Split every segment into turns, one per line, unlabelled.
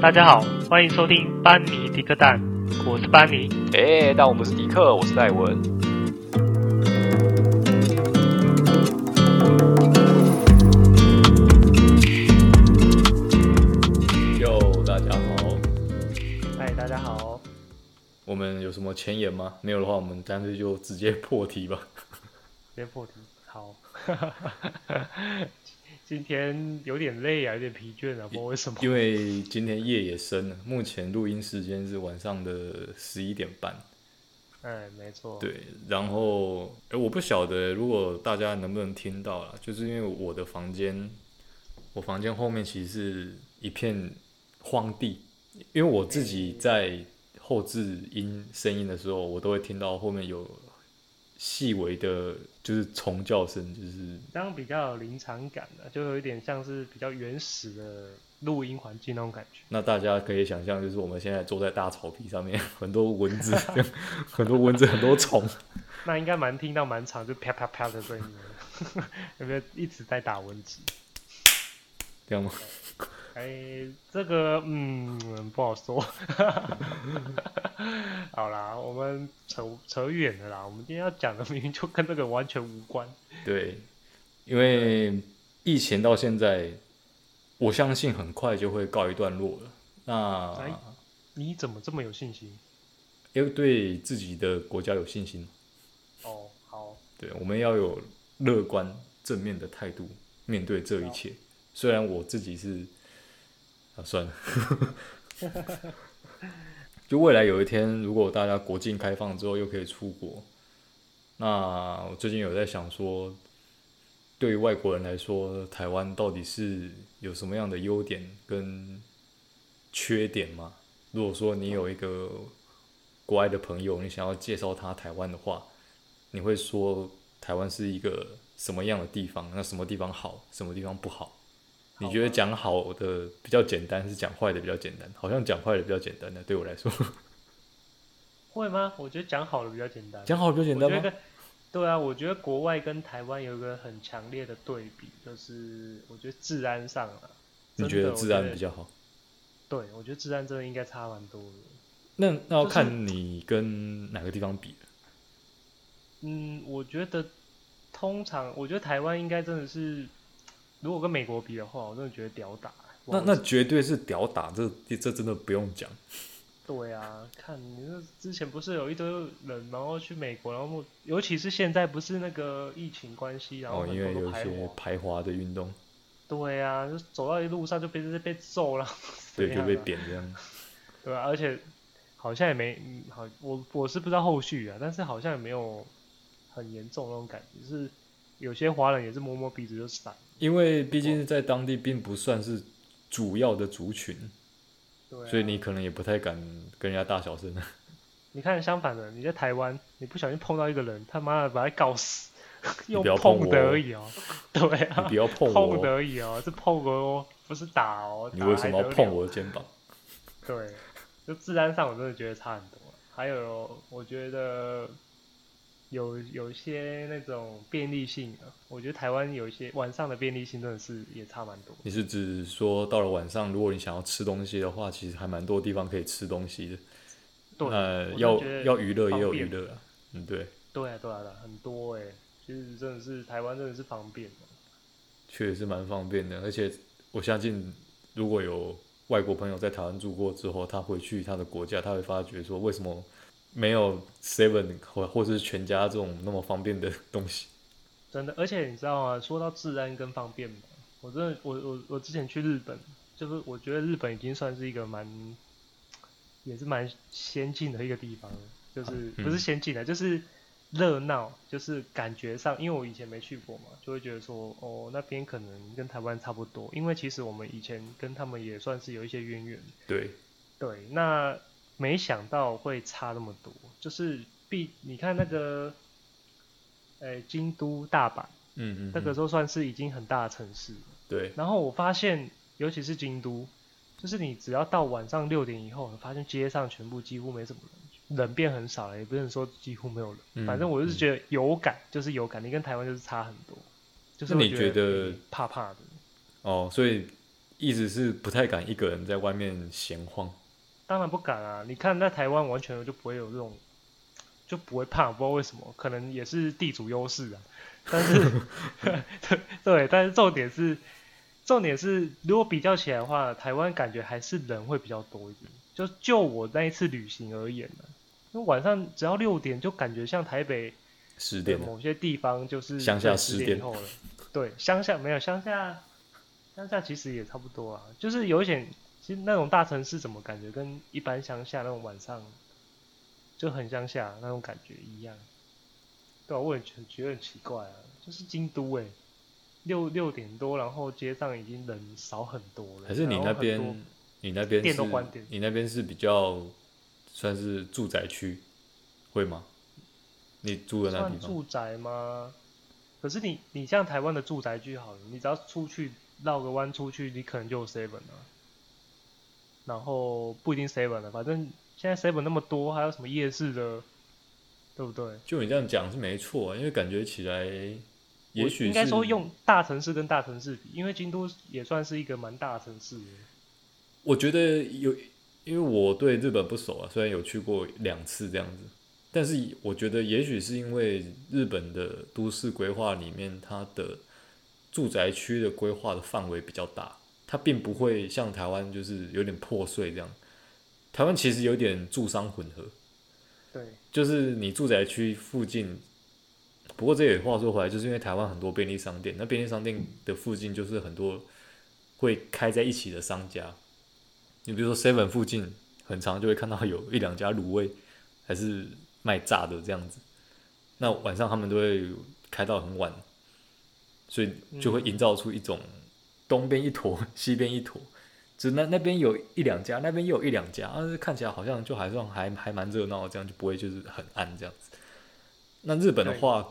大家好，歡迎收聽班尼迪克蛋，我是班尼。哎、
欸，但我們是迪克，我是戴文。喲，大家好。嗨，大家好。我們有什麼前言嗎？沒有的話，我們乾脆就直接破題吧。
直接破題，好。 今天有點累啊，有點疲倦啊，不知道
為什麼，因為今天夜也深了， 目前錄音時間是晚上的十一點半。哎，沒錯。
對，
然後，呃、我不曉得如果大家能不能聽到啦，就是因為我的房間、嗯，我房間後面其實是一片荒地，因為我自己在後製音聲音的時候，我都會聽到後面有細微的。就是蟲叫聲，就是
這樣比較有臨場感的、啊，就有一點像是比較原始的錄音環境那種感覺。
那大家可以想象，就是我們現在坐在大草皮上面，很多蚊子， 很多蚊子 很多蚊子，很多蟲。
那應該蠻聽到蠻長，就啪啪啪啪的聲音，有沒有一直在打蚊子？
這樣嗎？
哎、欸，這個嗯，不好說。 好啦，我們扯扯遠了啦，我們今天要講的明明就跟這個完全無關。
對，因為疫情到現在、嗯，我相信很快就會告一段落了。那
你怎麼這麼有信
心？因、欸、為對自己的國家有信心。哦，好哦。對，我們要有樂觀正面的態度面對這一切。雖然我自己是，啊算了， 就未來有一天，如果大家國境開放之後又可以出國，那我最近有在想說，對於外國人來說，台灣到底是有什麼樣的優點跟缺點嗎？如果說你有一個國外的朋友，你想要介紹他台灣的話，你會說台灣是一個什麼樣的地方？那什麼地方好，什麼地方不好？你覺得講好的比較簡單，還是講壞的比較簡單？好像講壞的比較簡單的。對我來說，
會嗎？我覺得講好的比較簡單。講好的比較簡單嗎？對啊，我覺得國外跟台灣有一個很強烈的對比，就是我覺得治安上了、啊，你覺得治安比較好？我對我覺得治安真的應該差蠻多的。那那要看
你跟哪個地方比了。就是、
嗯，我覺得通常，我覺得台灣應該真的是。如果跟美國比的話，我真的覺得屌打。
那那絕對是屌打，這這真的不用講。
對啊，看你說之前不是有一堆人，然後去美國，然後尤其是現在不是那個疫情關係，然後、哦、因為有一些
排華的運動。
對啊，就走到一路上就被就被揍了，對就被扁
這樣。
對啊，而且好像也沒、嗯、好，我我是不知道後續啊，但是好像也沒有很嚴重那種感覺，就是有些華人也是摸摸鼻子就散。
因為畢竟在當地並不算是主要的族群、啊，所以你可能也不太敢跟人家大小聲。
你看，相反的，你在台灣，你不小心碰到一個人，他媽的把他搞死，碰你不要，碰，不要碰，碰的而已哦，
對啊，不要碰我而
已哦，是碰哦、喔，不是打哦、喔。你為什麼要碰我的肩膀？對，就治安上我真的覺得差很多。還有，我覺得。有有些那種便利性的，我覺得台灣有一些晚上的便利性真的是也差蠻多。
你是指說到了晚上，如果你想要吃東西的話，其實還蠻多地方可以吃東西的。對，呃，要要娛樂也有娛樂，嗯，對，
對啊對啊，對啊很多哎、欸，其實真的是台灣真的是
方便嘛，確實是蠻方便的。而且我相信，如果有外國朋友在台灣住過之後，他回去他的國家，他會發覺說為什麼。沒有 seven 或或是全家這種那麼方便的東西，
真的。而且你知道嗎？說到治安跟方便吧，我真的，我我我之前去日本，就是我覺得日本已經算是一個蠻，也是蠻先進的一個地方，就是、啊嗯、不是先進的，就是熱鬧，就是感覺上，因為我以前沒去過嘛，就會覺得說哦，那邊可能跟台灣差不多，因為其實我們以前跟他們也算是有一些淵源。對對，那。沒想到會差那麼多，就是必。你看那個，誒、欸，京都、大阪，嗯
嗯，嗯，那個時
候算是已經很大的城市，對。然後我發現，尤其是京都，就是你只要到晚上六點以後，你發現街上全部幾乎沒什麼人，人變很少了，也不能說幾乎沒有人。嗯、反正我就是覺得有感，感，就是有感，你跟台灣就是差很多，
就是你覺得、嗯、怕怕的，哦，所以意思是不太敢一個人在外面閒晃。
當然不敢啊！你看，在台灣完全就不會有這種，就不會怕。不知道為什麼，可能也是地主優勢啊。但是， 對，但是重點是，重點是，如果比較起來的話，台灣感覺還是人會比較多一點。就就我那一次旅行而言呢、啊，因為晚上只要六點，就感覺像台北
十點某些
地方就是鄉下十點後了，十點了。對，鄉下沒有鄉下，鄉下其實也差不多啊，就是有一點。那種大城市，怎麼感覺跟一般鄉下那種晚上就很鄉下那種感覺一樣？對啊，我很覺，覺得很奇怪啊。就是京都欸，六六點多，然後街上已經人少很多了。可是你那邊，
你那邊你那邊是比較算是住宅區，會嗎？你住的那地方算住
宅嗎？可是你你像台灣的住宅區好了，你只要出去繞個彎出去，你可能就有 seven 了。然後不一定 seven 了，反正現在 seven 那麼多，還有什麼夜市的，對不對？
就你這樣講是沒錯，因為感覺起來，也許是，應該說
用大城市跟大城市比，因為京都也算是一個蠻大城市。
我覺得有，因為我對日本不熟啊，雖然有去過兩次這樣子，但是我覺得也許是因為日本的都市規劃裡面，它的住宅區的規劃的範圍比較大。它並不會像台灣，就是有點破碎這樣。台灣其實有點住商混合，
對，
就是你住宅區附近。不過這也話說回來，就是因為台灣很多便利商店，那便利商店的附近就是很多會開在一起的商家。嗯、你比如說 seven 附近，很常就會看到有一兩家滷味，還是賣炸的這樣子。那晚上他們都會開到很晚，所以就會營造出一種、嗯。東邊一坨，西邊一坨，只能那那邊有一兩家，那邊又有一兩家，啊，但是看起來好像就還算還還蠻熱鬧，這樣就不會就是很暗這樣子。那日本的話，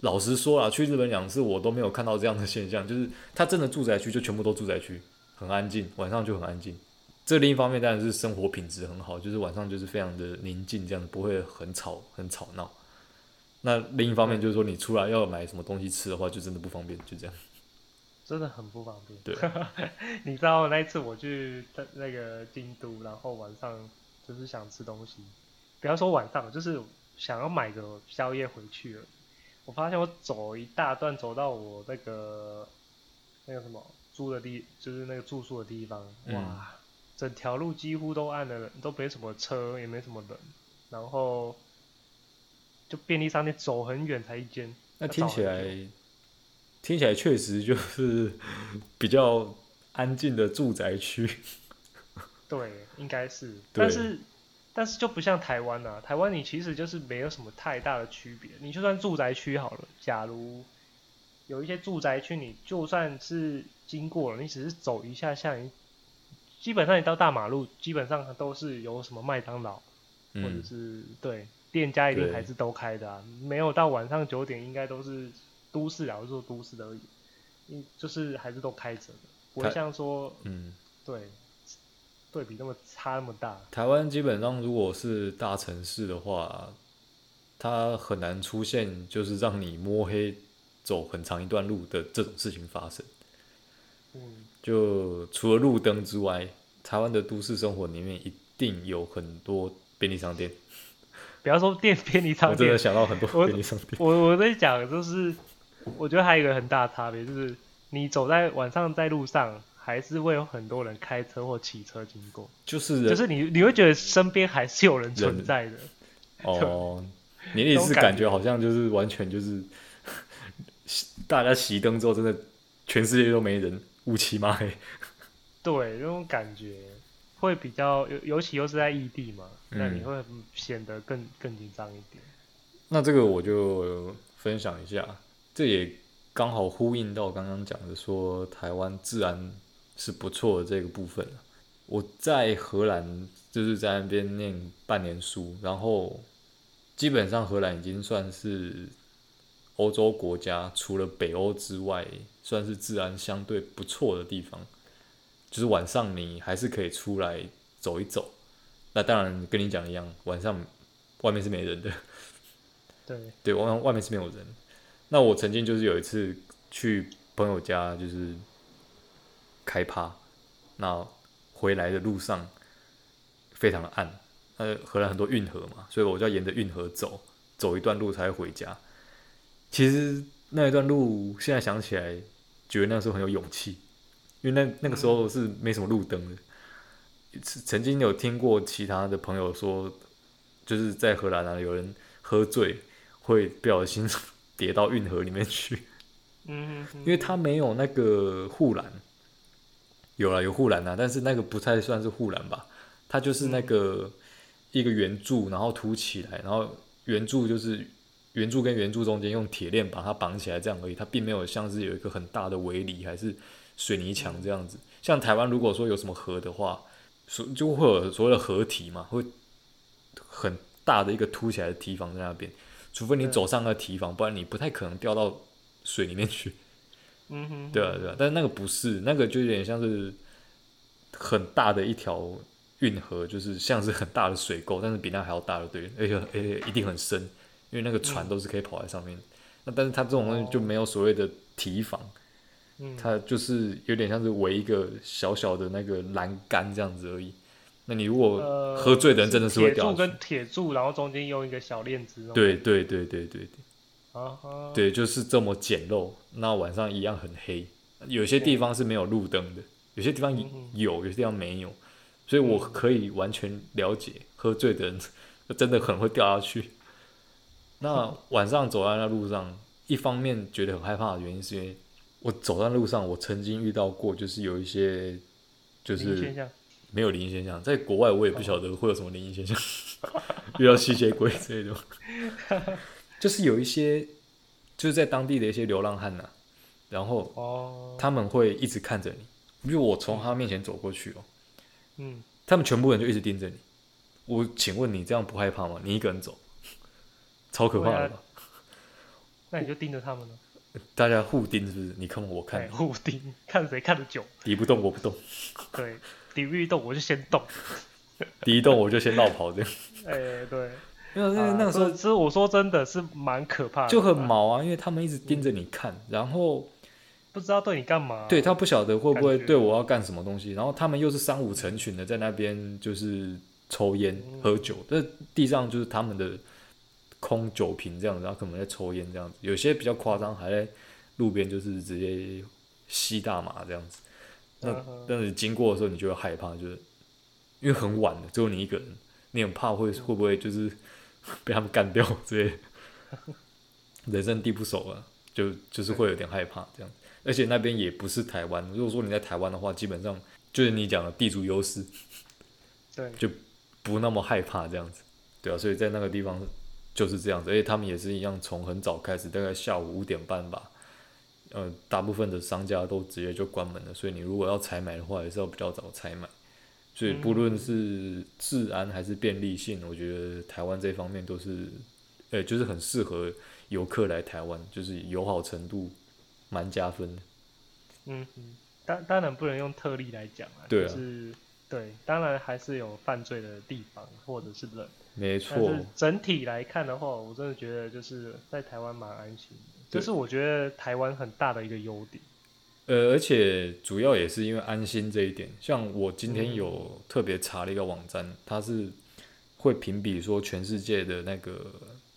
老實說啊，去日本兩次我都沒有看到這樣的現象，就是他真的住宅區就全部都住宅區，很安靜，晚上就很安靜。這個、另一方面當然是生活品質很好，就是晚上就是非常的寧靜，這樣不會很吵很吵鬧。那另一方面就是說你出來要買什麼東西吃的話，就真的不方便，就這樣。
真的很不方便。
對，
你知道那一次我去那個京都，然後晚上就是想吃東西，
不要說晚
上就是想要買個宵夜回去了。我發現我走一大段，走到我那個那個什麼住的地，就是那個住宿的地方，嗯、哇，整條路幾乎都暗了，都沒什麼車，也沒什麼人，然後就便利商店走很遠才一間。那聽起來、
啊。聽起來確實就是比較安靜的住宅區，
對，應該是。但是但是就不像台灣啊，台灣你其實就是沒有什麼太大的區別。你就算住宅區好了，假如有一些住宅區，你就算是經過了，你只是走一下下，基本上你到大馬路，基本上都是有什麼麥當勞、嗯，或者是，對，店家一定還是都開的啊，沒有到晚上九點應該都是。都市然就是都市的而已，因就是還是都開着的，不會像說，嗯，對，對比那麼差那麼大。
台灣基本上如果是大城市的話，它很難出現就是讓你摸黑走很長一段路的這種事情發生。嗯，就除了路燈之外，台灣的都市生活裡面一定有很多便利商店，
不要說
電便利商店，我真的想到很多便利商
店。我我，我在講就是。我覺得還有一個很大的差別就是，你走在晚上在路上，還是會有很多人開車或騎車經過，就是就是你你會覺得身邊還是有人存在的。
哦， 你也是感覺好像就是完全就是，大家熄燈之後，真的全世界都沒人，烏漆嘛黑。
對，那種感覺會比較尤尤其又是在異地嘛、嗯，那你會顯得更更緊張一點。
那這個我就分享一下。這也剛好呼應到剛剛講的說，說台灣治安是不錯的這個部分，我在荷蘭就是在那邊念半年書，然後基本上荷蘭已經算是歐洲國家，除了北歐之外，算是治安相對不錯的地方。就是晚上你還是可以出來走一走，那當然跟你講一樣，晚上外面是沒人的。
對
對，外外面是沒有人。那我曾經就是有一次去朋友家，就是開趴，那回來的路上非常的暗。呃，荷蘭很多運河嘛，所以我就要沿着運河走，走一段路才回家。其實那一段路現在想起來，覺得那時候很有勇氣，因為那那個時候是沒什麼路燈的。曾曾經有聽過其他的朋友說，就是在荷蘭啊，有人喝醉會不小心。跌到運河裡面去，
嗯，因
為它沒有那個護欄，有啦，有護欄啦，但是那個不太算是護欄吧，它就是那個一個圓柱，然後凸起來，然後圓柱就是圓柱跟圓柱中間用鐵鏈把它綁起來這樣而已，它並沒有像是有一個很大的圍籬還是水泥牆這樣子。像台灣如果說有什麼河的話，所就會有所謂的河堤嘛，會很大的一個凸起來的堤防在那邊。除非你走上那堤防，不然你不太可能掉到水裡面去。 嗯哼，對啊對啊，但是那個不是，那個就有點像是很大的一條運河，就是像是很大的水溝，但是比那還要大，的，對，而且而且、欸、一定很深，因為那個船都是可以跑在上面、嗯。那但是它這種東西就沒有所謂的堤防、哦，嗯，它就是有點像是圍一個小小的那個欄杆這樣子而已。那你如果喝醉的人真的是會掉下
去。呃、鐵柱跟鐵柱，然後中間用一個小鏈子。對
對對對對對、啊、對。就是這麼簡陋。那晚上一樣很黑，有些地方是沒有路燈的、嗯，有些地方嗯嗯有，有些地方沒有。所以我可以完全了解，嗯、喝醉的人真的可能會掉下去。
那
晚上走在那路上、嗯，一方面覺得很害怕的原因是因為我走在路上，我曾經遇到過，就是有一些就是沒有靈異現象，在國外我也不曉得會有什麼靈異現象，遇、哦、 到吸血鬼這些 就是有一些，就是在當地的一些流浪漢啊。然後哦，他們會一直看着你，比如我從他面前走過去哦，嗯，他們全部人就一直盯着你，我請問你這樣不害怕嗎？你一個人走，超可怕的吧，啊，那你就
盯着他們
了，大家互盯是不是？你看我看，哎、互
盯看誰看得久，
敵不動我不動，
對。
第一動我就先動， 第一動我就先落跑這
樣。 哎、欸，對，沒有，那那個時候，其實我說真的是蠻可怕的，就很
毛啊，因為他們一直盯着你看，嗯、然
後不知道對你幹嘛。對，他
不曉得會不會對我要幹什麼東西，然後他們又是三五成群的在那邊就是抽煙、嗯、喝酒，這地上就是他們的空酒瓶這樣子，然後可能在抽煙這樣子，有些比較誇張，還在路邊就是直接吸大麻這樣子。那但是經過的時候，你就會害怕，就是因為很晚了，只有你一個人，你很怕會會不會就是被他們幹掉這些，人生地不熟啊，就就是會有點害怕這樣。而且那邊也不是台灣，如果說你在台灣的話，基本上就是你講的地主優勢，對，就不那麼害怕這樣子，對啊，所以在那個地方就是這樣子，而且他們也是一樣，從很早開始，大概下午五點半吧。呃、大部分的商家都直接就關門了，所以你如果要採買的話，還是要比較早採買。所以不論是治安還是便利性，嗯、我覺得台灣這方面都是，呃、欸，就是很適合遊客來台灣，就是友好程度蠻加分。嗯嗯，
當當然不能用特例來講啊，就是對，當然還是有犯罪的地方或者是人，
沒錯。但是整體
來看的話，我真的覺得就是在台灣蠻安心。這是我覺得台灣很大的一個優點，
呃，而且主要也是因為安心這一點。像我今天有特別查了一個網站，嗯、它是會評比說全世界的那個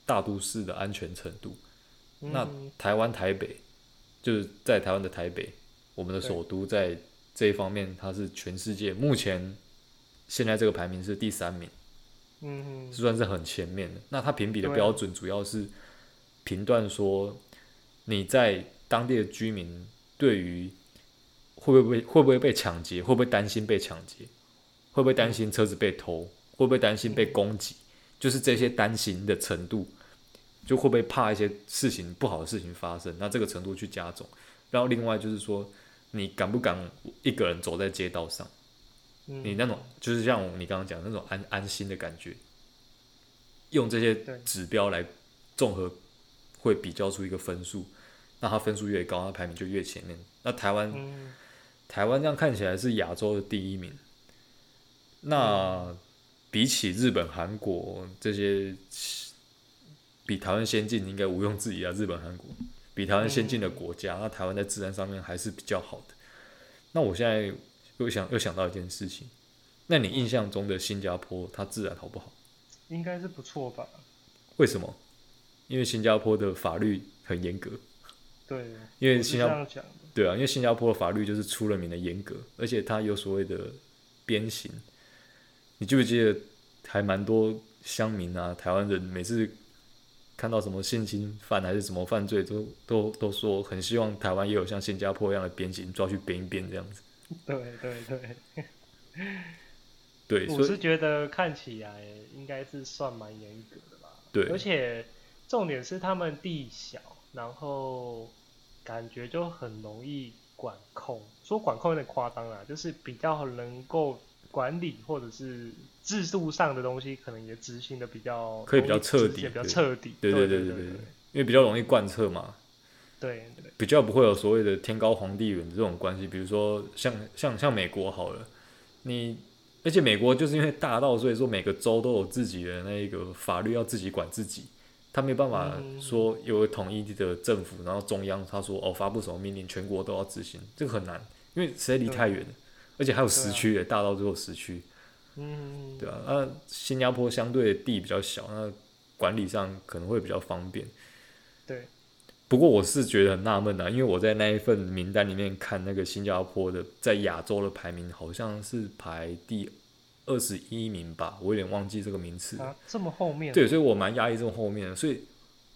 大都市的安全程度。嗯、那台灣台北就是在台灣的台北，我們的首都在這一方面，它是全世界目前現在這個排名是第三名，嗯，是算是很前面的。那它評比的標準主要是評斷說，你在當地的居民對於會不會被會不會被搶劫，會不會擔心被搶劫，會不會擔心車子被偷，會不會擔心被攻擊，就是這些擔心的程度，就會不會怕一些事情、不好的事情發生。那這個程度去加重，然後另外就是說，你敢不敢一個人走在街道上？
你那
種就是像你剛剛講的那種安安心的感覺，用這些指標來綜合。會比較出一個分數，那它分數越高，它排名就越前面。那台灣、嗯，台灣這樣看起來是亞洲的第一名。那比起日本、韓國這些比台灣先進，應該毋庸置疑啊！日本、韓國比台灣先進的國家，嗯、那台灣在治安上面還是比較好的。那我現在又想又想到一件事情，那你印象中的新加坡，它治安好不好？
應該是不錯吧？
為什麼？因為新加坡的法律很嚴格，
對，因為新加坡，
對啊，因為新加坡的法律就是出了名的嚴格，而且它有所謂的鞭刑。你記不記得，還蠻多鄉民啊，台灣人每次看到什麼性侵犯還是什麼犯罪都，都都都說很希望台灣也有像新加坡一樣的鞭刑，抓去鞭一鞭這樣子。
對對對，
對，我是覺
得看起來應該是算蠻嚴格的吧，對，而且。重點是他們地小，然後感覺就很容易管控，說管控有點誇張啦，就是比較能夠管理，或者是制度上的東西，可能也執行的比較可以比較徹底，比較徹
底。對對對對對，因為比較容易貫徹嘛。對對對，比較不會有所謂的天高皇帝遠這種關係。比如說像像像美國好了，你而且美國就是因為大到，所以說每個州都有自己的那一個法律要自己管自己，他沒有辦法說有個統一的政府，嗯、然後中央他說哦發布什麼命令，全國都要執行，這個很難，因為實在離太遠，嗯，而且還有時區也、啊、大到只有時區，嗯，對啊，那新加坡相對的地比較小，那管理上可能會比較方便，對。不過我是覺得很納悶啊，因為我在那一份名單裡面看，那個新加坡的在亞洲的排名好像是排第。二十一名吧，我有點忘記這個名次。啊，
這麼後面？對，所
以我蠻壓抑這麼後面的。所以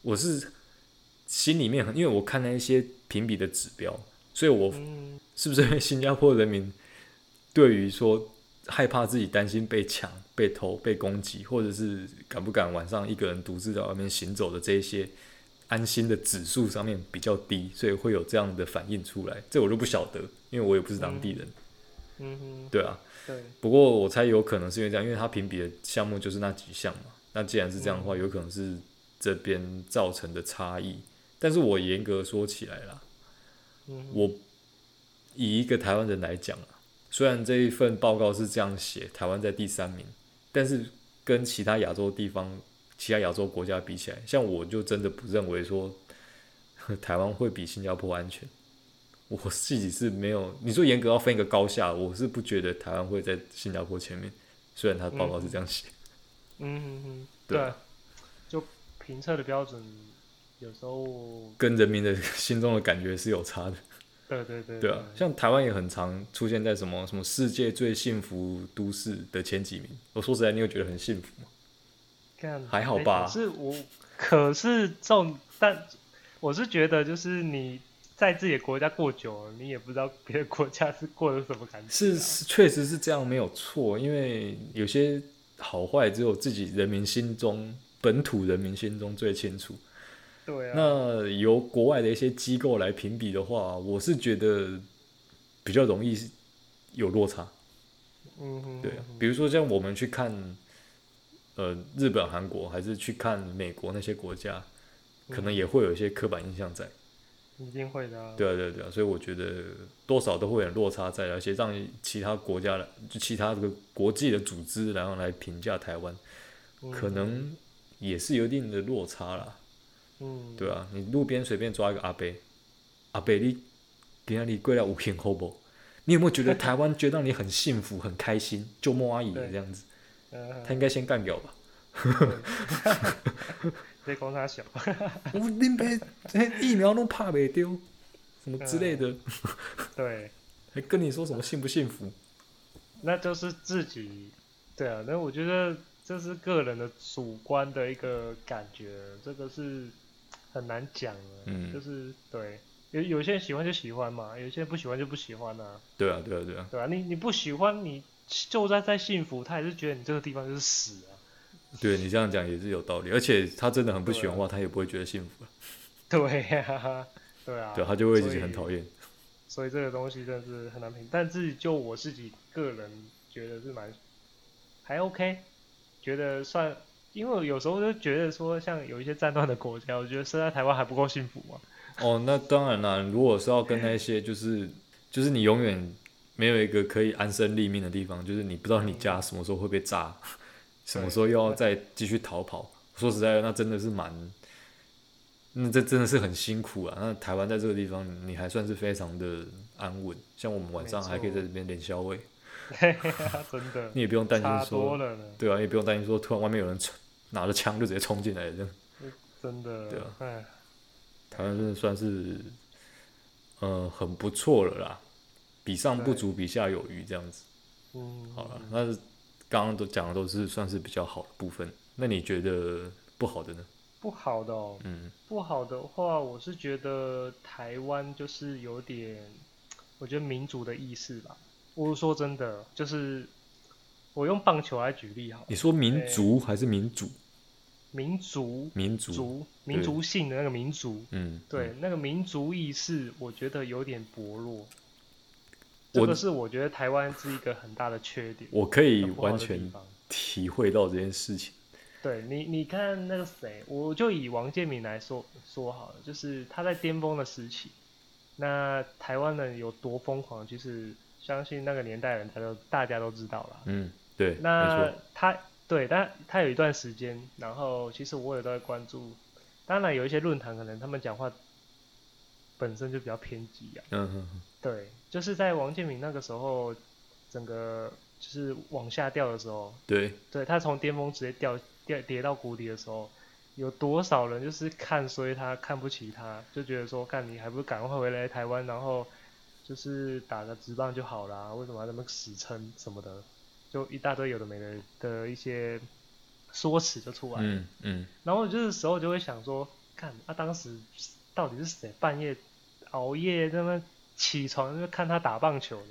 我是心裡面很，因為我看了一些評比的指標，所以我是不是新加坡人民對於說害怕自己擔心被搶、被偷、被攻擊，或者是敢不敢晚上一個人獨自在外面行走的這一些安心的指數上面比較低，所以會有這樣的反應出來。這我就不曉得，因為我也不是當地人。嗯，嗯
哼，
對啊。不過我猜有可能是因為這樣，因為他評比的項目就是那幾項嘛。那既然是這樣的話，嗯，有可能是這邊造成的差異。但是我嚴格說起來啦，嗯，
我
以一個台灣人來講，啊，雖然這一份報告是這樣寫，台灣在第三名，但是跟其他亞洲地方、其他亞洲國家比起來，像我就真的不認為說台灣會比新加坡安全。我自己是沒有你說嚴格要分一個高下，我是不覺得台灣會在新加坡前面。雖然他報告是這樣寫、嗯嗯嗯，嗯，
對，對就評測的標準有時候
跟人民的心中的感覺是有差的。對對
對,對，對啊，對對
對像台灣也很常出現在什麼什麼世界最幸福都市的前幾名。我說實在，你又覺得很幸福嗎？
還好吧？欸、可是我
可是這
種。但我是覺得就是你。在自己的國家過久了，你也不知道別的國家是過的什麼感覺啊。
是，確實是這樣，沒有錯。因為有些好壞只有自己人民心中，本土人民心中最清楚。對啊。那由國外的一些機構來評比的話，我是覺得比較容易有落差。嗯哼嗯哼。
對
啊。比如說，像我們去看，呃，日本、韓國，還是去看美國那些國家，可能也會有一些刻板印象在。嗯
一定會的、啊。對啊，
對啊，所以我覺得多少都會有落差在，而且讓其他國家的，就其他這個國際的組織，然後來評價台灣，可能也是有一定的落差啦。嗯對，對啊，你路邊隨便抓一個阿伯，阿伯你，給你跪了五天後不？你有沒有覺得台灣覺得你很幸福很開心？就母阿姨這樣子，他應該先幹掉吧。別光他想， 哈哈。我連被這疫苗都怕被丟，
什麼之類的、 嗯。對。
還、欸、跟你說什麼幸不幸福？
那就是自己。對啊，那我覺得這是個人的主觀的一個感覺，這個是很難講的。嗯。就是對，有有些人喜歡就喜歡嘛，有些人不喜歡就不喜歡吶、啊。
對啊，對啊，對啊。
對啊，你你不喜歡，你就算再幸福，他也是覺得你這個地方就是死、啊。
對你這樣講也是有道理，而且他真的很不喜歡的話，他也不會覺得幸福。
對呀、啊，對啊，對他就會自己很討厭。所以這個東西真的是很難評，但自己就我自己個人覺得是蠻還 OK，覺得算，因為有時候就覺得說，像有一些戰亂的國家，我覺得生在台灣還不夠幸福嘛、
啊。哦，那當然啦，如果是要跟那些就是 就是你永遠沒有一個可以安身立命的地方，就是你不知道你家什麼時候會被炸。什麼時候又要再繼續逃跑？說實在的，那真的是蠻……那這真的是很辛苦啊。那台灣在這個地方，你還算是非常的安穩，像我們晚上還可以在這邊點宵夜 真的。 你也不用擔心說，對啊，也不用擔心說，突然外面有人衝拿着槍就直接衝進來這樣，這
真的對啊。
台灣真的算是，嗯、呃，很不錯了啦，比上不足，比下有餘這樣子。嗯，好了，那是。剛剛都講的都是算是比較好的部分，那你覺得不好的呢？
不好的哦，嗯，不好的話，我是覺得台灣就是有點，我覺得民族的意識吧。我說真的，就是我用棒球來舉例啊，你說民族
還是民族？
民族，民族，民族性的那個民族，嗯，對，嗯，那個民族意識，我覺得有點薄弱。這個是我覺得台灣是一個很大的缺點。我可
以完全體會到這件事情。
對你，你看那個誰，我就以王建民來說說好了，就是他在巔峰的時期，那台灣人有多瘋狂，就是相信那個年代人，他都大家都知道了。
嗯，對。那
他對，但他有一段時間，然後其實我也都在關注。當然，有一些論壇可能他們講話本身就比較偏激啊。嗯嗯嗯，對。就是在王建民那個時候，整個就是往下掉的時候，對，對他從巔峰直接掉掉跌到谷底的時候，有多少人就是看衰他，看不起他，就覺得說，幹你還不如趕快回來台灣，然後就是打個職棒就好了，為什麼要那麼死撐什麼的，就一大堆有的沒的的一些說辭就出來。嗯，嗯，然後就是時候就會想說，幹，啊，當時到底是誰半夜熬夜在那。起床就看他打棒球的。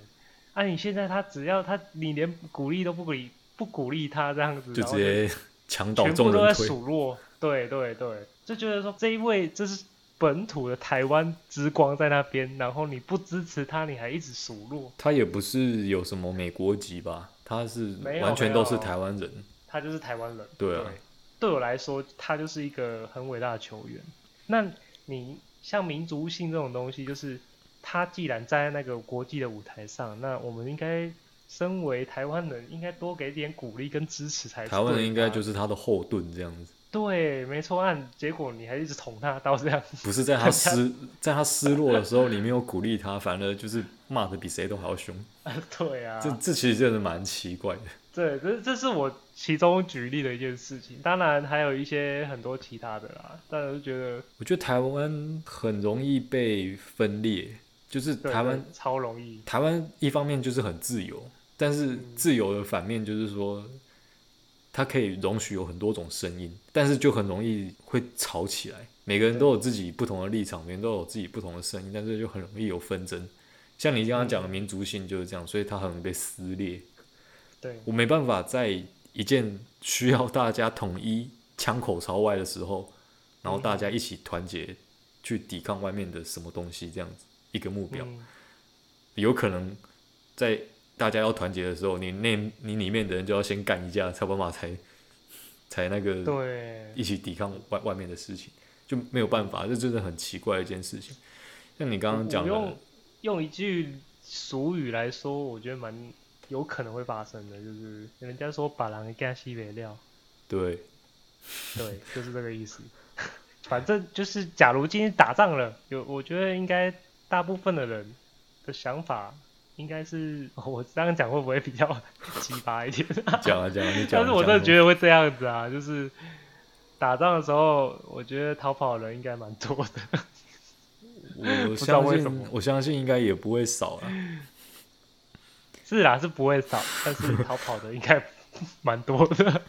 啊！你現在他只要他，你連鼓勵都不給，不鼓勵他這樣子就，就直接
牆倒眾人，全都在數
落，對對對，就覺得說這一位這是本土的台灣之光在那邊，然後你不支持他，你還一直數落
他，也不是有什麼美國籍吧？他是完全都是台灣人，
他就是台灣人。對啊對，對我來說，他就是一個很偉大的球員。那你像民族性這種東西，就是。他既然站在那個國際的舞台上，那我們應該身為台灣人，應該多給點鼓勵跟支持才是。台灣人應該就是
他的後盾這樣子。
對，沒錯。結果你還一直捅他刀這樣子。
不是在他失 在他失落的時候，你沒有鼓勵他， 反而就是罵得比誰都還要兇。
對啊。這
這其實真的蠻奇怪的。
對，這這是我其中舉例的一件事情。當然還有一些很多其他的啦。但是覺得，
我覺得台灣很容易被分裂。就是台灣
超容易。
台灣一方面就是很自由，但是自由的反面就是說，嗯、它可以容許有很多種聲音，但是就很容易會吵起來。每個人都有自己不同的立場，對對對，每個人都有自己不同的聲音，但是就很容易有紛爭。像你剛剛講的民族性就是這樣，所以它很容易被撕裂。對，我沒辦法在一件需要大家統一槍口朝外的時候，然後大家一起團結、嗯、去抵抗外面的什麼東西這樣子。一個目標、嗯，有可能在大家要團結的時候，你內你裡面的人就要先幹一架，才不嘛才才那個對，一起抵抗外外面的事情就沒有辦法，這真的很奇怪的一件事情。像你剛剛講的用，
用一句俗語來說，我覺得蠻有可能會發生的，就是人家說“把狼幹西北料”，對對，就是這個意思。 反正就是，假如今天打仗了，有我覺得應該。大部分的人的想法應該是，我這樣講會不會比較奇葩一點？講了講了，但是我真的覺得會這樣子啊，就是打仗的時候，我覺得逃跑的人應該蠻多的。我，我相信，
我知道為什麼。我相信應該也不會少了啊。
是啊，是不會少，但是逃跑的應該蠻
多的。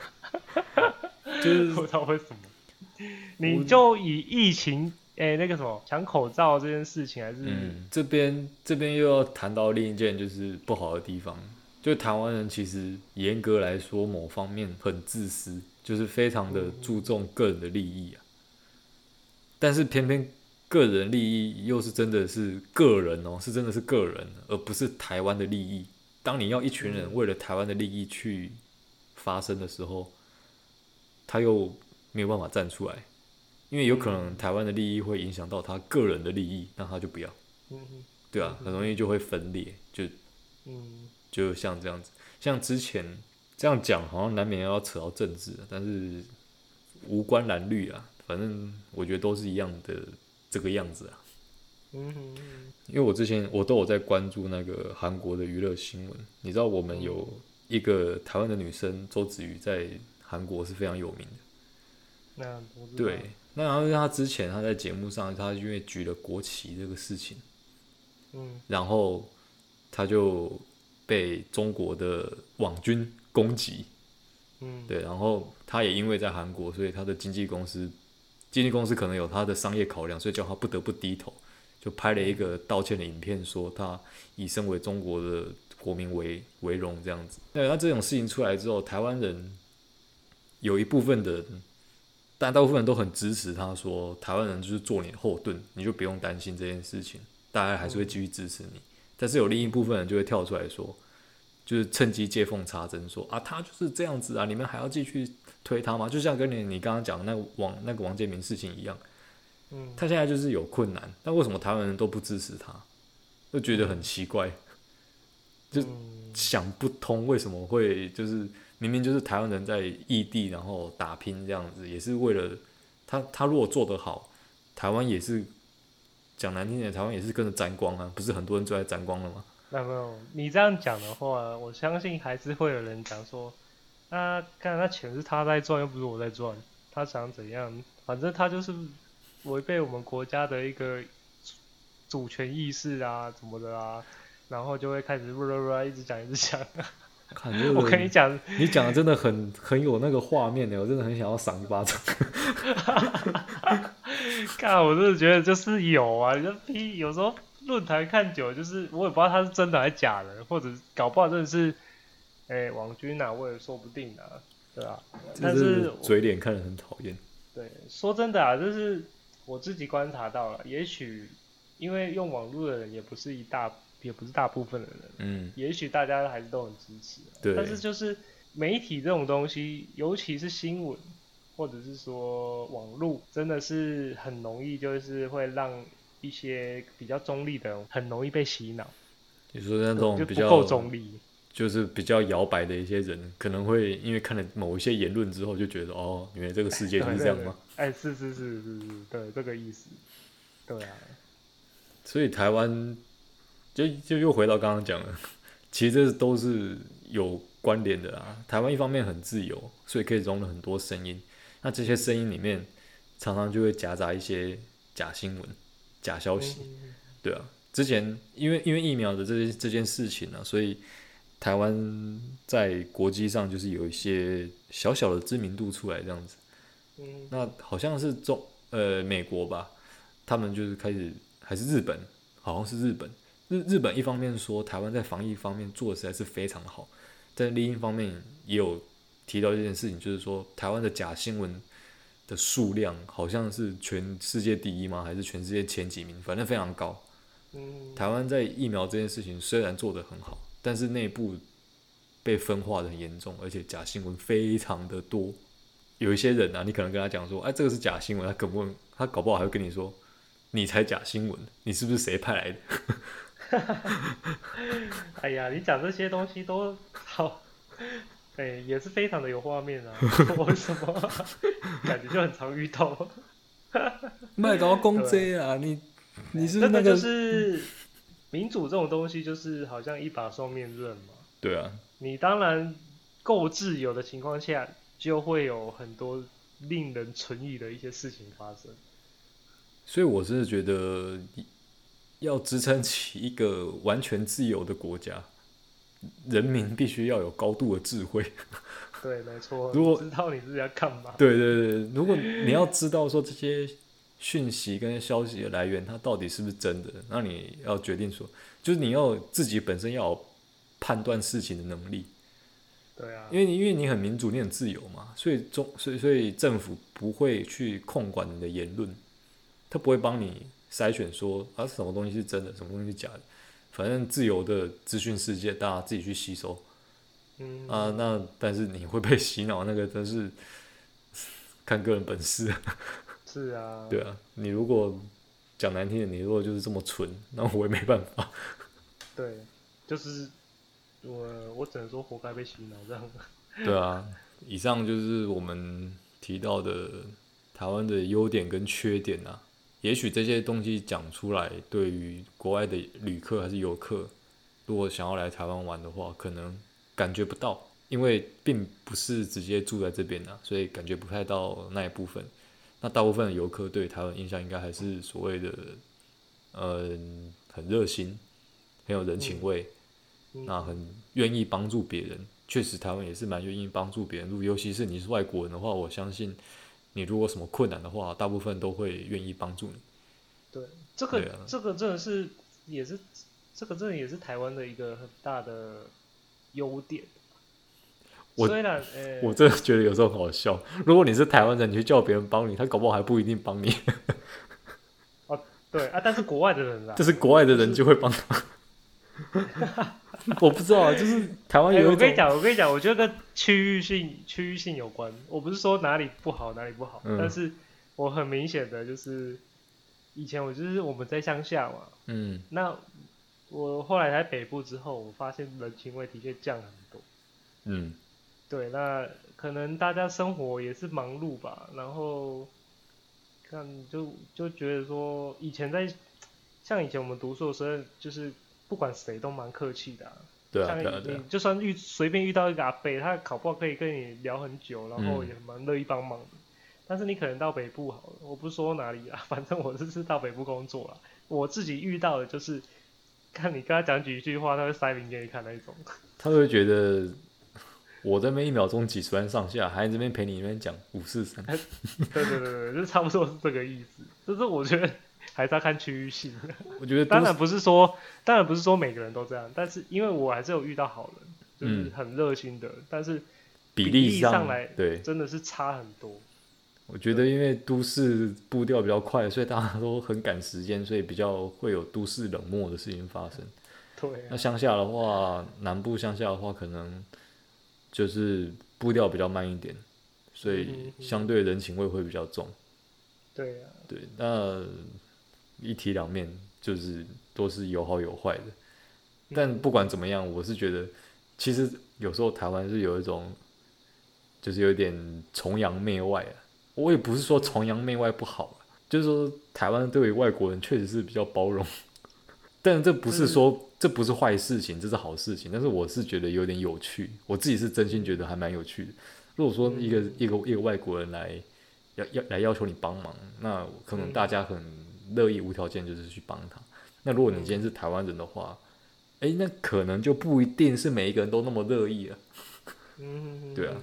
就是不 知道為什麼，你就以疫情。哎、欸，那個什麼搶口罩這件事情，還是、嗯、
這邊這邊又要談到另一件，就是不好的地方。就台灣人其實嚴格來說，某方面很自私，就是非常的注重個人的利益啊。但是偏偏個人利益又是真的是個人哦，是真的是個人，而不是台灣的利益。當你要一群人為了台灣的利益去發聲的時候，他又沒有辦法站出來。因為有可能台灣的利益會影響到他個人的利益，那他就不要，嗯，對啊，很容易就會分裂，就，嗯，就像這樣子。像之前這樣講，好像難免要扯到政治，但是無關藍綠啊，反正我覺得都是一樣的這個樣子啊。嗯，因為我之前我都有在關注那個韓國的娛樂新聞，你知道我們有一個台灣的女生、嗯、周子瑜在韓國是非常有名的，
那、嗯、對。
那然後他之前他在節目上，他因為舉了國旗這個事情，嗯，然後他就被中國的網軍攻擊，嗯，對，然後他也因為在韓國，所以他的經紀公司，經紀公司可能有他的商業考量，所以叫他不得不低頭，就拍了一個道歉的影片，說他以身為中國的國民為為榮這樣子。那那這種事情出來之後，台灣人有一部分的。但大部分人都很支持他說，說台灣人就是做你的後盾，你就不用擔心這件事情，大家還是會繼續支持你，嗯。但是有另一部分人就會跳出來說，就是趁機見縫插針，說啊，他就是這樣子啊，你們還要繼續推他嗎？就像跟你你剛剛講的那個王那個王建民事情一樣，
嗯，
他現在就是有困難，但為什麼台灣人都不支持他，就覺得很奇怪， 就想不通為什麼會就是。明明就是台灣人在異地，然後打拼這樣子，也是為了他。他如果做得好，台灣也是講難聽點，台灣也是跟着沾光啊！不是很多人就在沾光了嗎？
那沒有，你這樣講的話、啊，我相信還是會有人講說，那、啊、看那錢是他在賺，又不是我在賺，他想怎樣，反正他就是違背我們國家的一個主權意識啊，什麼的啊？然後就會開始嚷嚷嚷一直講，一直講。
這個、我跟你講，你講的真的很很有那個畫面呢，我真的很想要賞一巴掌 。
幹， 我真的覺得就是有啊，就批，有時候論壇看久，就是我也不知道他是真的還是假的，或者搞不好真的是，哎、欸，網軍吶、啊，我也說不定啊，對啊。是但是
嘴臉看着很討厭。
對，說真的啊，就是我自己觀察到了，也許因為用網絡的人也不是一大。也不是大部分的人，嗯，也許大家還是都很支持啊，對。但是就是媒體這種東西，尤其是新聞，或者是說網絡，真的是很容易，就是會讓一些比較中立的人很容易被洗腦。
你說那種比較夠中立，就是比較搖擺的一些人，可能會因為看了某一些言論之後，就覺得哦，原來這個世界就是這樣嗎？
哎、欸，是是是是是，對這個意思，對啊。
所以台灣。嗯就就又回到剛剛講的，其實這都是有關聯的啊。台灣一方面很自由，所以可以容忍很多聲音。那這些聲音裡面，常常就會夾雜一些假新聞、假消息，對啊。之前因為因為疫苗的這件這件事情呢、啊，所以台灣在國際上就是有一些小小的知名度出來這樣子。那好像是中呃美國吧，他們就是開始還是日本，好像是日本。日日本一方面說台灣在防疫方面做的實在是非常好，但另一方面也有提到一件事情，就是說台灣的假新聞的數量好像是全世界第一嗎？還是全世界前幾名？反正非常高。台灣在疫苗這件事情雖然做得很好，但是內部被分化的很嚴重，而且假新聞非常的多。有一些人啊，你可能跟他講說，哎、啊，這個是假新聞，他可能他搞不好還會跟你說，你才假新聞，你是不是誰派來的？
哎呀，你講這些東西都好，哎、欸，也是非常的有畫面啊。為 什麼、啊？感覺就很常遇到。
麥高公 Z 啊，你你是那個就是
民主這種東西，就是好像一把雙面刃嘛。對啊，你當然夠自由的情況下，就會有很多令人存疑的一些事情發生。
所以我是覺得。要支撐起一個完全自由的國家，人民必須要有高度的智慧。
對，沒錯。如果，你知道
你是在看嗎？對對對，如果你要知道說這些訊息跟消息的來源， 它到底是不是真的，那你要決定說，就是你要自己本身要有判斷事情的能力。對啊，因為你因為你很民主、你很自由嘛，所以中所以所以政府不會去控管你的言論，他不會幫你。篩選說啊，什麼東西是真的，什麼東西是假的，反正自由的資訊世界，大家自己去吸收。
嗯啊，
那但是你會被洗腦，那個真是看個人本事啊。
是啊。對啊，
你如果講難聽的，你如果就是這麼蠢，那我也沒辦法。
對，就是我，我只能說活該被洗腦這樣。對啊，
以上就是我們提到的台灣的優點跟缺點啊。也許這些東西講出來，對於國外的旅客還是遊客，如果想要來台灣玩的話，可能感覺不到，因為並不是直接住在這邊啊，所以感覺不太到那一部分。那大部分的遊客對台灣印象應該還是所謂的，嗯，很熱心，很有人情味，那很願意幫助別人。確實，台灣也是蠻願意幫助別人，尤其是你是外國人的話，我相信。你如果什麼困難的話，大部分都會願意幫助你。對，
這個、啊、這個真的是也是這個，真的也是台灣的一個很大的優點。
我我真的覺得有時候很好笑，欸，如果你是台灣人，你去叫別人幫你，他搞不好還不一定幫你。
哦、。 啊，對啊，但是國外的人啊，就是
國外的人就會幫他。就是 我不知道，就是台灣有我跟你講，我跟
你講，我覺得跟區域性區域性有關。我不是說哪裡不好，哪裡不好，嗯、但是我很明顯的就是，以前我就是我們在鄉下嘛，嗯，那我後來來北部之後，我發現人情味的確降很多。嗯，對，那可能大家生活也是忙碌吧，然後看就就覺得說，以前在像以前我們讀書的時候，就是。不管誰都蠻客氣的、啊對啊，像你,對、啊、你就算遇、啊、隨便遇到一個阿北，他搞不好可以跟你聊很久，然後也蠻樂意幫忙、嗯。但是你可能到北部好了，我不說哪裡啊，反正我就是到北部工作了。我自己遇到的就是，看你跟他講幾句話，他會塞名片給你看那種。
他會覺得我這邊一秒鐘幾十萬上下，還在這邊陪你那邊講五四三。對對
對對，就差不多是這個意思。就是我覺得。還在看區域性，我覺得當然不是說當然不是說每個人都這樣，但是因為我還是有遇到好人，就是很熱心的，嗯，但是
比例上，比例上來對
真的是差很多。
我覺得因為都市步調比較快，所以大家都很趕時間，所以比較會有都市冷漠的事情發生。對啊，那鄉下的話，南部鄉下的話，可能就是步調比較慢一點，所以相對人情味會比較重。對啊，對那。一體兩面就是都是有好有壞的，但不管怎麼樣，我是覺得其實有時候台灣是有一種，就是有點崇洋媚外啊。我也不是說崇洋媚外不好，啊嗯，就是說台灣對於外國人確實是比較包容。但這不是說，嗯、這不是壞事情，這是好事情。但是我是覺得有點有趣，我自己是真心覺得還蠻有趣的。如果說一個，嗯、一個一個外國人來要要來要求你幫忙，那可能大家很。嗯樂意無條件就是去幫他。那如果你今天是台灣人的話，哎、嗯欸，那可能就不一定是每一個人都那麼樂意了、啊嗯。嗯，
對啊。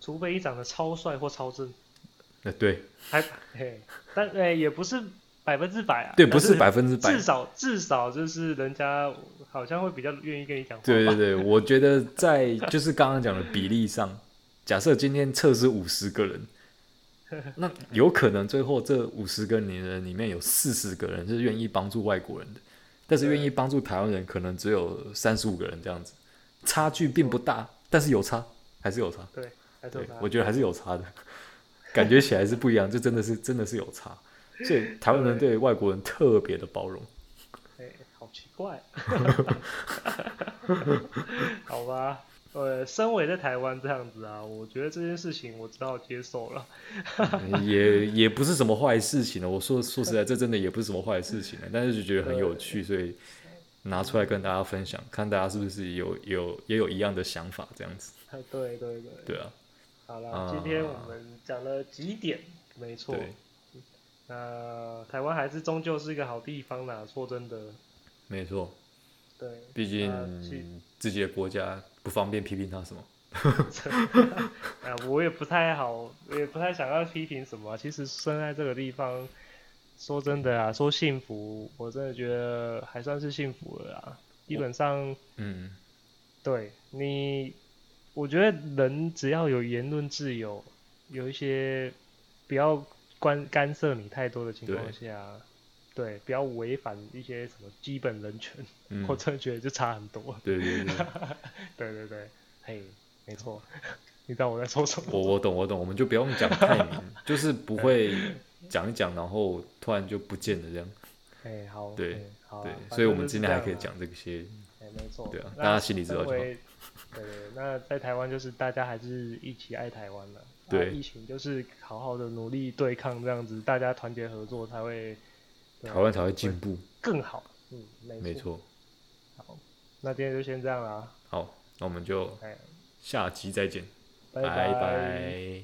除非你長得超帥或超正。
欸、對。還
嘿，但哎、欸，也不是百分之百啊。對，不是百分之百，至少至少就是人家好像會比較願意跟你講話。對對
對，我覺得在就是剛剛講的比例上， 假設今天測試五十個人。 那有可能最後這五十個人裡面有四十個人是願意幫助外國人的，但是願意幫助台灣人可能只有三十五個人這樣子，差距並不大，但是有差還是有差對對。對，我覺得還是有差的， 感覺起來是不一樣，這真的是真的是有差。所以台灣人對外國人特別的包容。
好奇怪。 好吧。呃，身為在台灣這樣子啊，我覺得這件事情我只好接受了。 嗯、
也也不是什麼壞事情了。我說說實在，這真的也不是什麼壞事情。 但是就覺得很有趣，所以拿出來跟大家分享，對對對，看大家是不是有有也有一樣的想法這樣子。
對對對。對啊。
好了、嗯，今天我
們講了幾點，嗯、沒錯。那、嗯、台灣還是終究是一個好地方啦。說真的。
沒錯。對，畢竟自己的國家不方便批評他什麼
啊。我也不太好，也不太想要批評什麼。其實生在這個地方，說真的啊，說幸福，我真的覺得還算是幸福了啊、哦。基本上，嗯，對你，我覺得人只要有言論自由，有一些不要干干涉你太多的情況下，對，不要違反一些什麼基本人權，嗯、我真的覺得就差很多。對對對， 對對嘿，hey, 沒錯，
你知道我在說什麼？我我懂我懂，我們就不用講太明， 就是不會講一講，然後突然就不見了這樣。哎、欸，好，對，欸好啊，對啊，對，所以我們今天還可以講這些，欸、沒錯，對啊，大家心裡知道就
好。為對，對，對，那在台灣就是大家還是一起愛台灣了，對，疫情就是好好的努力對抗，這樣子大家團結合作才會。挑戰，才會
進步，會
更好，嗯，沒錯。好，那今天就先這樣啦。
好，那我們就下期再見，拜拜。